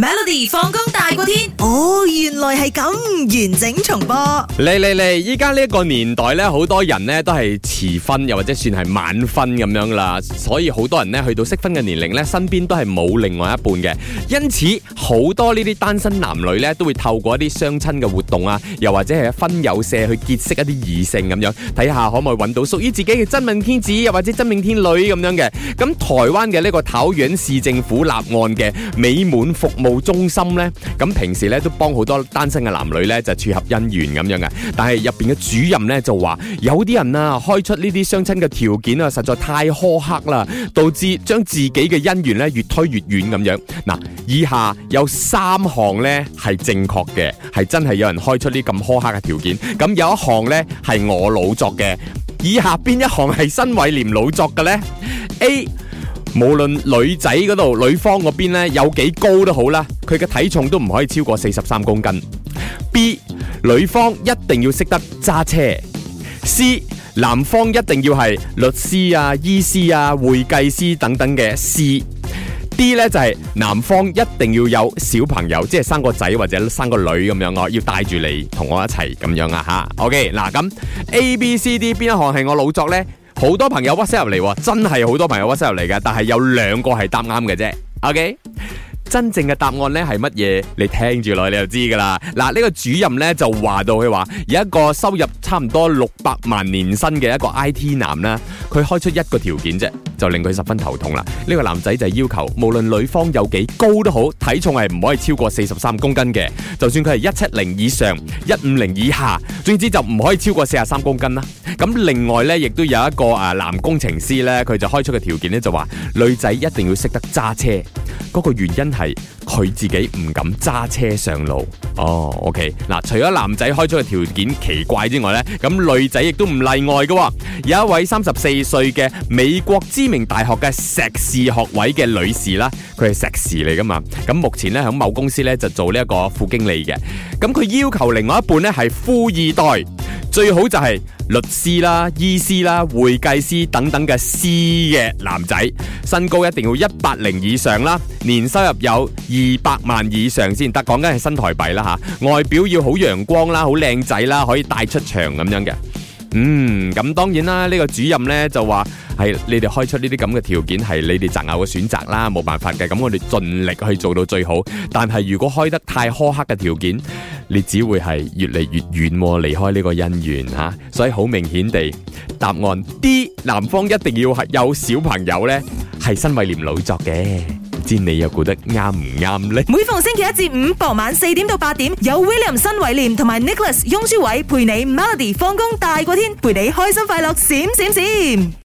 Melody 放工大過天，哦，原來係咁，完整重播。嚟嚟嚟，依家呢一個年代呢，好多人呢都係遲婚又或者算係晚婚咁樣啦，所以好多人呢，去到適婚嘅年齡呢，身邊都係冇另外一半嘅，因此好多呢啲單身男女呢，都會透過一啲相親嘅活動啊，又或者係喺婚友社去結識一啲異性咁樣，睇下可唔可以揾到屬於自己嘅真命天子又或者真命天女咁樣嘅。咁台灣嘅呢個桃園市政府立案嘅美滿服務。中心呢，咁平時呢都幫好多單身嘅男女呢，就撮合姻緣咁樣嘅，但係入邊嘅主任呢，就話有啲人啊開出呢啲相親嘅條件啊實在太苛刻啦，導致將自己嘅姻緣呢越推越遠咁樣。嗱，以下有三項呢係正確嘅，係真係有人開出呢咁苛刻嘅條件，咁有一項呢係我老作嘅。以下邊一項係新偉廉老作嘅呢？A 無論女仔嗰度女方嗰邊呢，有幾高都好啦，佢嘅體重都唔可以超過四十三公斤。B 女方一定要識得揸車。C 男方一定要係律師啊、醫師啊、會計師等等嘅。C D 呢就係、是、男方一定要有小朋友，即係生個仔或者生個女咁樣，我要帶住你同我一齊咁樣啊吓。OK，嗱咁 A、B、C、D 邊一項係我老作呢？好多朋友 WhatsApp 入嚟，真係好多朋友 WhatsApp 入嚟嘅，但係有兩個係答啱嘅啫。OK，真正嘅答案呢係乜嘢？你聽住落，你就知噶啦。嗱，呢個主任呢就話到佢話，有一個收入差唔多六百萬年薪嘅一個 I T 男呢，佢開出一個條件啫，就令佢十分頭痛啦。呢個男仔就要求，無論女方有幾高都好，體重係唔可以超過四十三公斤嘅，就算佢係一七零以上，一五零以下，總之就唔可以超過四十三公斤啦。咁另外咧，亦都有一個啊男工程師咧，佢就開出嘅條件咧就話女仔一定要識得揸車，嗰個原因係佢自己唔敢揸車上路。哦，OK，嗱，除咗男仔開出嘅條件奇怪之外咧，咁女仔亦都唔例外嘅喎。有一位三十四歲嘅美國知名大學嘅碩士學位嘅女士啦，佢係碩士嚟噶嘛，咁目前咧喺某公司咧就做呢一個副經理嘅，咁佢要求另外一半咧係富二代。最好就係律師啦、醫師啦、會計師等等嘅師嘅男仔，身高一定要一百零以上啦，年收入有二百萬以上先得，講緊係新台幣啦吓、啊，外表要好陽光啦、好靚仔啦，可以帶出場咁樣嘅。嗯，咁當然啦，呢、呢個主任呢就話係你哋開出呢啲咁嘅條件係你哋擇偶嘅選擇啦，冇辦法嘅，咁我哋盡力去做到最好，但係如果開得太苛刻嘅條件。.你只會係越嚟越遠，離開呢個姻緣吓，啊，所以好明顯地，答案 D 男方一定要係有小朋友呢，係新威廉老作嘅，唔知你又覺得啱唔啱呢？每逢星期一至五傍晚四點到八點，有 William 新威廉同埋 Nicholas 雍舒偉陪你 Melody 放工大過天，陪你開心快樂閃閃閃。閃閃閃。